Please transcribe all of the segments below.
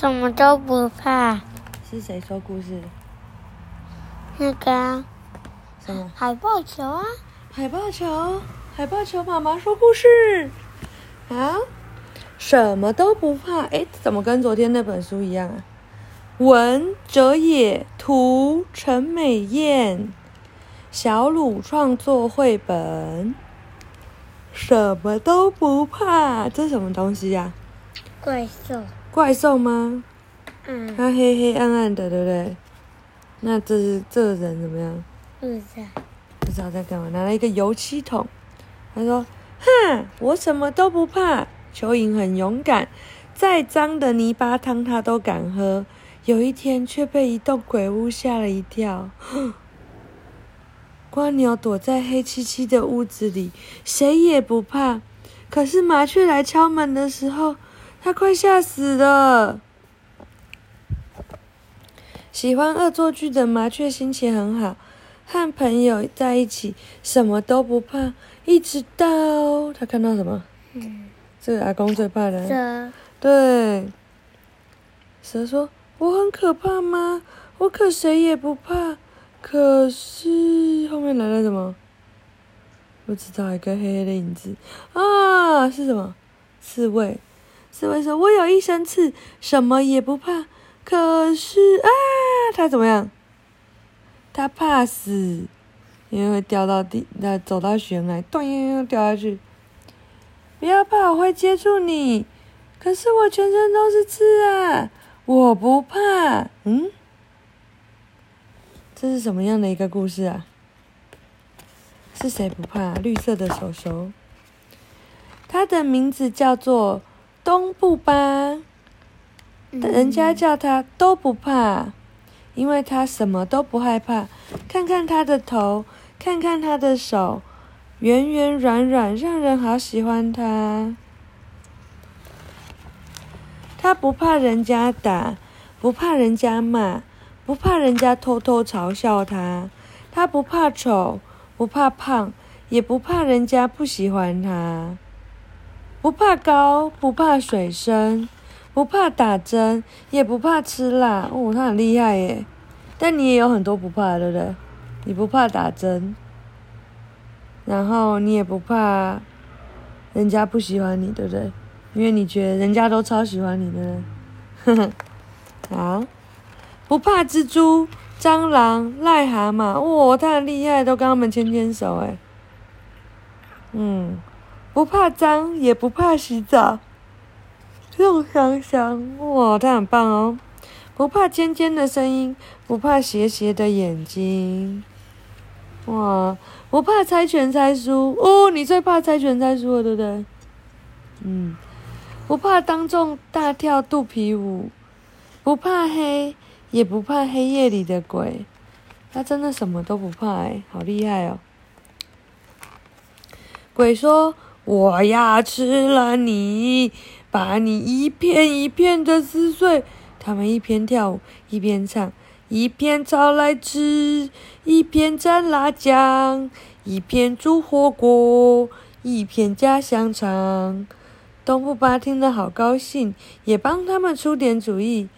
什麼都不怕。是誰說故事？那個什麼海豹球啊？海豹球，海豹球，媽媽說故事啊！什麼都不怕，誒，怎麼跟昨天那本書一樣啊？文哲也、圖陳美燕，小魯創作繪本。什麼都不怕，這什麼東西呀、啊？怪獸。怪獸嗎？嗯。他、啊、黑黑暗暗的，對不對？那這是這是人怎麼樣？不知道。不知道在幹嘛？拿了一個油漆桶。他說：“哼，我什麼都不怕。蚯蚓很勇敢，再髒的泥巴湯它都敢喝。有一天卻被一棟鬼屋嚇了一跳。哼，蝸牛躲在黑漆漆的屋子裡，誰也不怕。可是麻雀來敲門的時候。”他快嚇死了！喜歡惡作劇的麻雀心情很好，和朋友在一起，什麼都不怕。一直到他看到什麼？這個阿公最怕的蛇，對。蛇說：“我很可怕嗎？我可誰也不怕。”可是後面來了什麼？不知道一個黑黑的影子啊，是什麼？刺蝟。刺蝟說：“我有一身刺，什麼也不怕。可是啊，他怎麼樣？他怕死，因為會掉到地，那走到懸崖，咚又掉下去。不要怕，我會接住你。可是我全身都是刺啊，我不怕。嗯，這是什麼樣的一個故事啊？是誰不怕？綠色的手手，它的名字叫做……”都不怕，人家叫他都不怕，因為他什麼都不害怕。看看他的頭，看看他的手，圓圓軟軟，讓人好喜歡他。他不怕人家打，不怕人家罵，不怕人家偷偷嘲笑他。他不怕醜，不怕胖，也不怕人家不喜歡他。不怕高，不怕水深，不怕打針，也不怕吃辣。哦，他很厲害耶！但你也有很多不怕，對不對？你不怕打針，然後你也不怕人家不喜歡你，對不對？因為你覺得人家都超喜歡你的。呵呵，好，不怕蜘蛛、蟑螂、癩蛤蟆。哦，他很厲害，都跟他們牽牽手哎。嗯。不怕髒，也不怕洗澡。用香香，哇，他很棒哦！不怕尖尖的聲音，不怕斜斜的眼睛，哇！不怕猜拳猜輸哦，你最怕猜拳猜輸了對不對？嗯，不怕當眾大跳肚皮舞，不怕黑，也不怕黑夜裡的鬼。他真的什麼都不怕哎，好厲害哦！鬼說。我呀吃了你，把你一片一片的撕碎。他們一邊跳舞一邊唱：一片炒來吃，一片蘸辣醬，一片煮火鍋，一片加香腸。東部巴聽得好高興，也幫他們出點主意：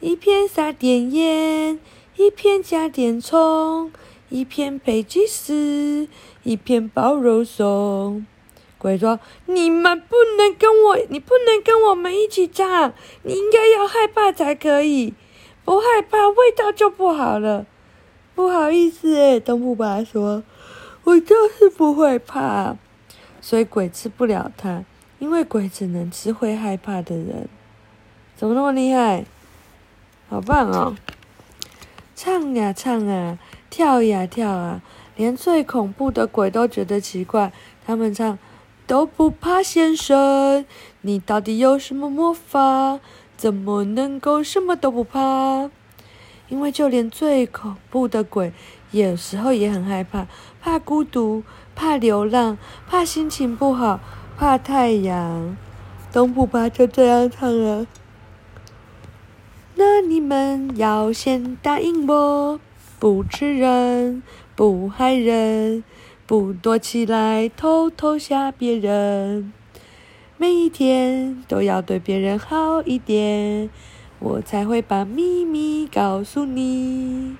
一片撒點鹽，一片加點蔥，一片配雞絲，一片包肉鬆。鬼說：“你們不能跟我，你不能跟我們一起唱。你應該要害怕才可以，不害怕味道就不好了。不好意思誒、欸、東部爸說，我就是不會怕，所以鬼吃不了他，因為鬼只能吃會害怕的人。怎麼那麼厲害？好棒哦！唱呀唱啊，跳呀跳啊，連最恐怖的鬼都覺得奇怪。他們唱。”都不怕先生，你到底有什麼魔法？怎麼能夠什麼都不怕？因為就連最恐怖的鬼，有時候也很害怕，怕孤獨，怕流浪，怕心情不好，怕太陽，都不怕，就這樣唱了。那你們要先答應我，不吃人，不害人。躲起來，偷偷嚇別人。每一天都要對別人好一點，我才會把秘密告訴你。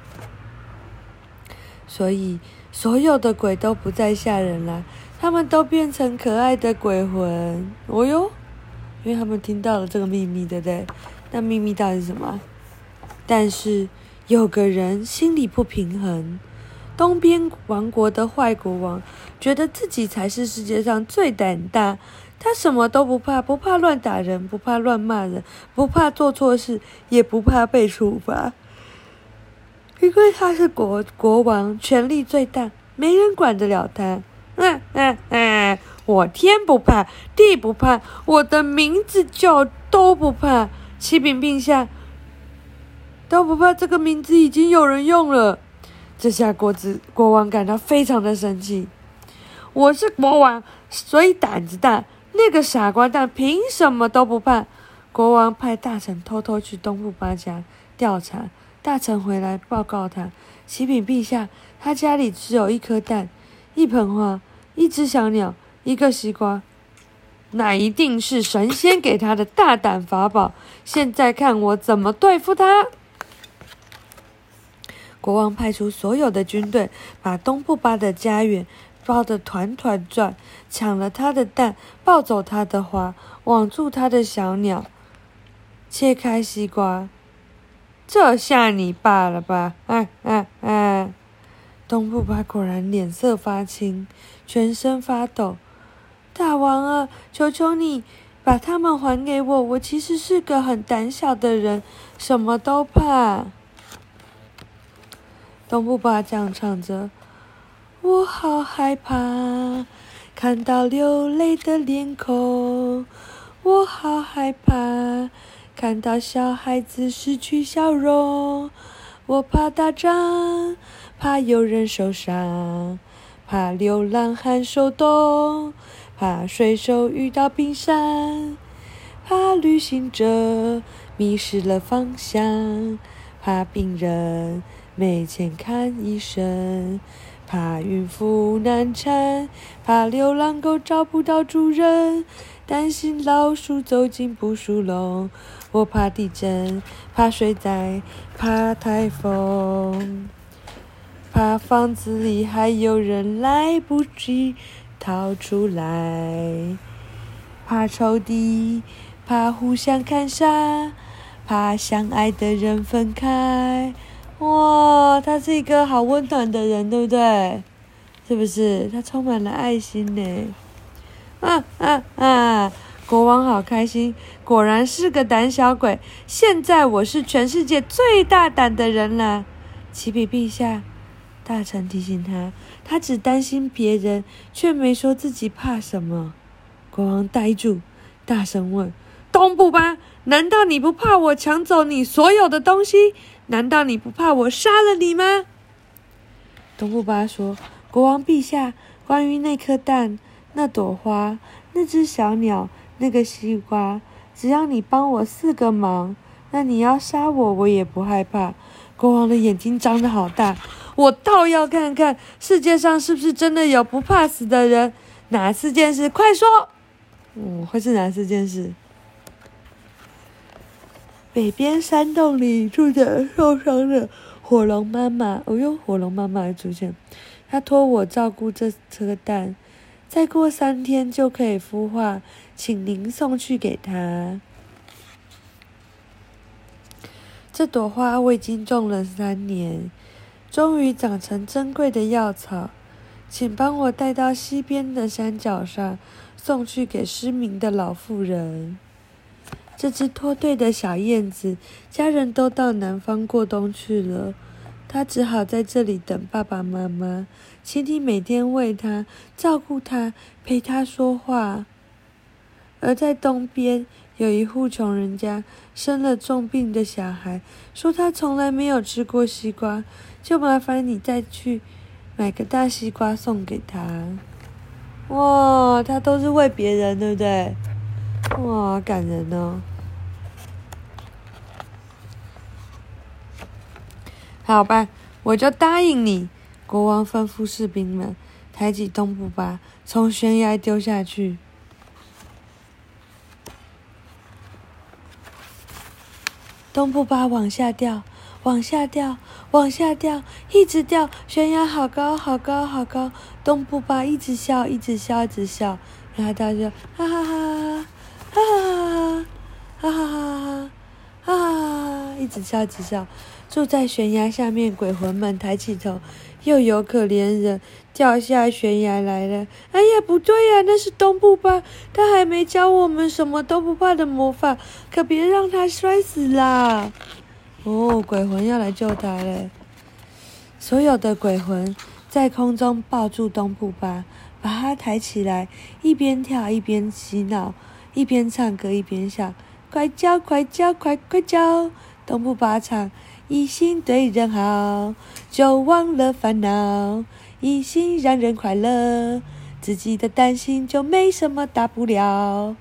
所以，所有的鬼都不再嚇人了，他們都變成可愛的鬼魂。哦喲，因為他們聽到了這個秘密，對不對？那秘密到底是什麼？但是有個人心裡不平衡。東邊王國的壞國王覺得自己才是世界上最膽大。他什麼都不怕，不怕亂打人，不怕亂罵人，不怕做錯事，也不怕被處罰，因為他是國國王，權力最大，沒人管得了他。嗯嗯嗯，我天不怕地不怕，我的名字叫都不怕。啟稟陛下，都不怕這個名字已經有人用了。這下國子國王感到非常的生氣。我是國王，所以膽子大。那個傻瓜蛋憑什麼都不怕？國王派大臣偷偷，偷去東部八家調查。大臣回來報告他：“啟稟陛下，他家裡只有一顆蛋、一盆花、一隻小鳥、一個西瓜。那一定是神仙給他的大膽法寶。現在看我怎麼對付他。”國王派出所有的軍隊，把東部巴的家園包得團團轉，搶了他的蛋，抱走他的花，網住他的小鳥，切開西瓜。這下你怕了吧！哎哎哎！東部巴果然臉色發青，全身發抖。大王啊，求求你，把他們還給我！我其實是個很膽小的人，什麼都怕。用不罷唱，這樣唱着。我好害怕看到流淚的臉孔，我好害怕看到小孩子失去笑容。我怕打仗，怕有人受傷，怕流浪漢受凍，怕水手遇到冰山，怕旅行者迷失了方向，怕病人。沒錢看醫生，怕孕婦難產，怕流浪狗找不到主人，擔心老鼠走進捕鼠籠。我怕地震，怕水災，怕台風，怕房子裡還有人來不及逃出來。怕仇敵，怕互相砍殺，怕相愛的人分開。哇，他是一個好溫暖的人，對不對？是不是？他充滿了愛心呢。啊啊啊！國王好開心，果然是個膽小鬼。現在我是全世界最大膽的人了。啟稟陛下，大臣提醒他，他只擔心別人，卻沒說自己怕什麼。國王呆住，大聲問：“東部吧，難道你不怕我搶走你所有的東西？”難道你不怕我殺了你嗎？東布巴說：“國王陛下，關於那顆蛋、那朵花、那隻小鳥、那個西瓜，只要你幫我四個忙，那你要殺我，我也不害怕。”國王的眼睛張得好大，我倒要看看世界上是不是真的有不怕死的人。哪四件事？快說！嗯、哦，會是哪四件事？北邊山洞裡住着受傷的火龍媽媽。哦喲，火龍媽媽出現，她托我照顧這顆蛋，再過三天就可以孵化，請您送去給她。這朵花我已經種了三年，終於長成珍貴的藥草，請幫我帶到西邊的山腳上，送去給失明的老婦人。這隻脫隊的小燕子，家人都到南方過冬去了，它只好在這裡等爸爸媽媽。親戚每天餵它、照顧它、陪它說話。而在東邊有一戶窮人家，生了重病的小孩，說他從來沒有吃過西瓜，就麻煩你再去買個大西瓜送給他。哇，他都是為別人，對不對？哇、哦，感人哦。好吧，我就答應你。國王吩咐士兵們抬起東部吧，從懸崖丟下去。東部吧，往下掉，往下掉，往下掉，一直掉。懸崖好高，好高，好高。東部吧，一直笑，一直笑，一直笑。然後他就：“哈哈哈哈！”哈哈哈哈哈哈，哈哈哈哈哈哈，哈、啊、一直笑，一直笑。住在懸崖下面，鬼魂們抬起頭，又有可憐人掉下懸崖來了。哎呀，不對呀、啊，那是東部吧？他還沒教我們什麼都不怕的魔法，可別讓他摔死啦！哦，鬼魂要來救他了。所有的鬼魂在空中抱住東部吧，把他抬起來，一邊跳一邊嬉鬧，一邊唱歌一邊笑，快叫快叫快快叫，從不把唱，一心對人好，就忘了煩惱，一心讓人快樂，自己的擔心就沒什麼大不了，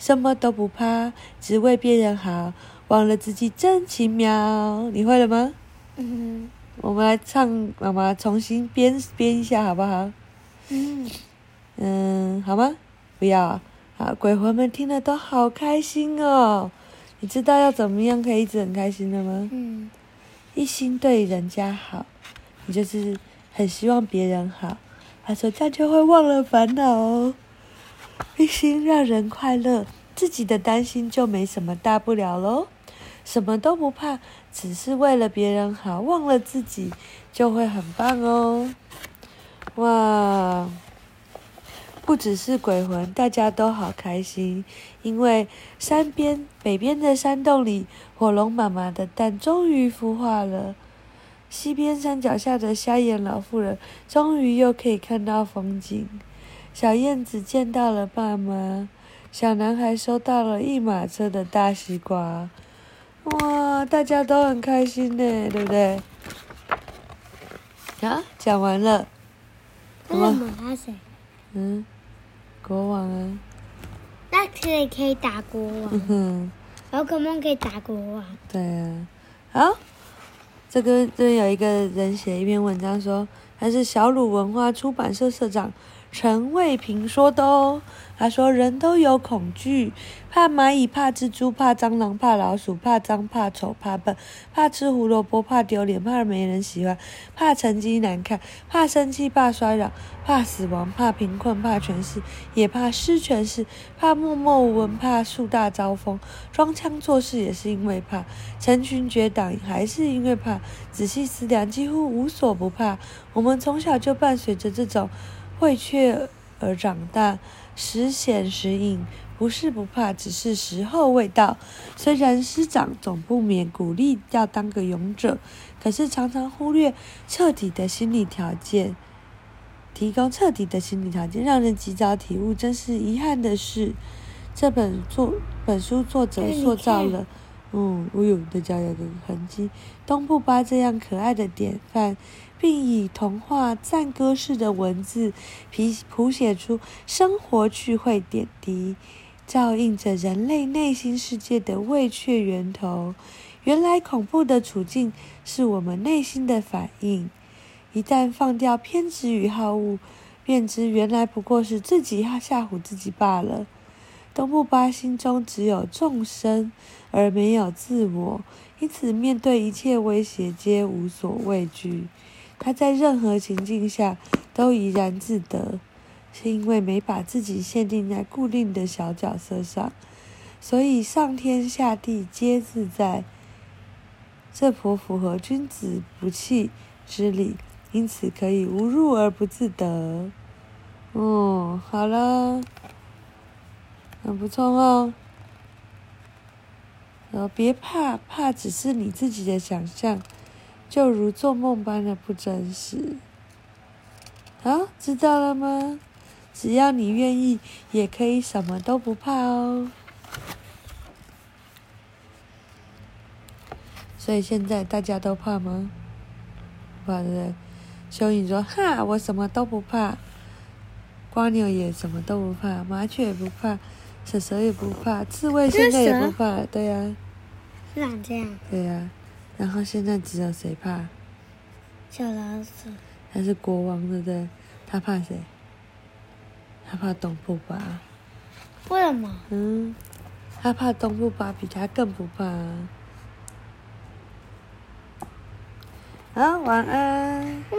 什麼都不怕，只為別人好，忘了自己真奇妙。你會了嗎？嗯，我們來唱，我們來重新編編一下，好不好？嗯，嗯，好嗎？不要啊。啊，鬼魂們聽了都好開心哦！你知道要怎麼樣可以一直很開心的嗎？嗯，一心對人家好，你就是很希望別人好。他說這樣就會忘了煩惱哦，一心讓人快樂，自己的擔心就沒什麼大不了嘍，什麼都不怕，只是為了別人好，忘了自己就會很棒哦！哇！不只是鬼魂，大家都好開心，因為山邊北邊的山洞裡，火龍媽媽的蛋終於孵化了。西邊山腳下的瞎眼老婦人，終於又可以看到風景。小燕子見到了爸媽，小男孩收到了一馬車的大西瓜。哇，大家都很開心呢，對不對？啊，講完了。是馬嗯。國王啊，那可以可以打國王。哼，寶可夢可以打國王。對啊，好，這個這邊有一個人寫一篇文章說，他是小魯文化出版社社長，陳衛平說的哦，他說人都有恐懼，怕螞蟻，怕蜘蛛，怕蟑螂，怕蟑螂，怕老鼠，怕髒，怕醜，怕笨，怕吃胡蘿蔔，怕丟臉，怕沒人喜歡，怕成績難看，怕生氣，怕衰老，怕死亡，怕貧困，怕權勢，也怕失權勢，怕默默無聞，怕樹大招風，裝腔作勢也是因為怕，成群結黨還是因為怕。仔細思量，幾乎無所不怕。我們從小就伴隨着這種。會卻而長大，時顯時隱，不是不怕，只是時候未到。雖然師長總不免鼓勵要當個勇者，可是常常忽略徹底的心理條件，提供徹底的心理條件，讓人及早體悟，真是遺憾的事，這本作本書作者塑造了，看看嗯，我有的家有的痕跡，東部巴這樣可愛的典範。並以童話讚歌式的文字，譜譜寫出生活聚會點滴，照應着人類內心世界的畏懼源頭。原來恐怖的處境是我們內心的反應。一旦放掉偏執與好惡，便知原來不過是自己嚇唬自己罷了。東部巴心中只有眾生，而沒有自我，因此面對一切威脅皆無所畏懼。他在任何情境下都怡然自得，是因為沒把自己限定在固定的小角色上，所以上天下地皆自在。這頗符合君子不器之理，因此可以無入而不自得。哦，好了，很不錯哦。呃，別怕，怕只是你自己的想象。就如做夢般的不真實，啊，知道了嗎？只要你願意，也可以什麼都不怕哦。所以現在大家都怕嗎？不怕，對不對？蚯蚓說：“哈，我什麼都不怕。”蝸牛也什麼都不怕，麻雀也不怕，蛇蛇也不怕，刺蝟現在也不怕，對呀。是這樣。對呀、啊。然後現在只有誰怕？小老鼠？他是國王，對不對？他怕誰？他怕東部吧。為什麼？嗯，他怕東部吧，比他更不怕。好，晚安。嗯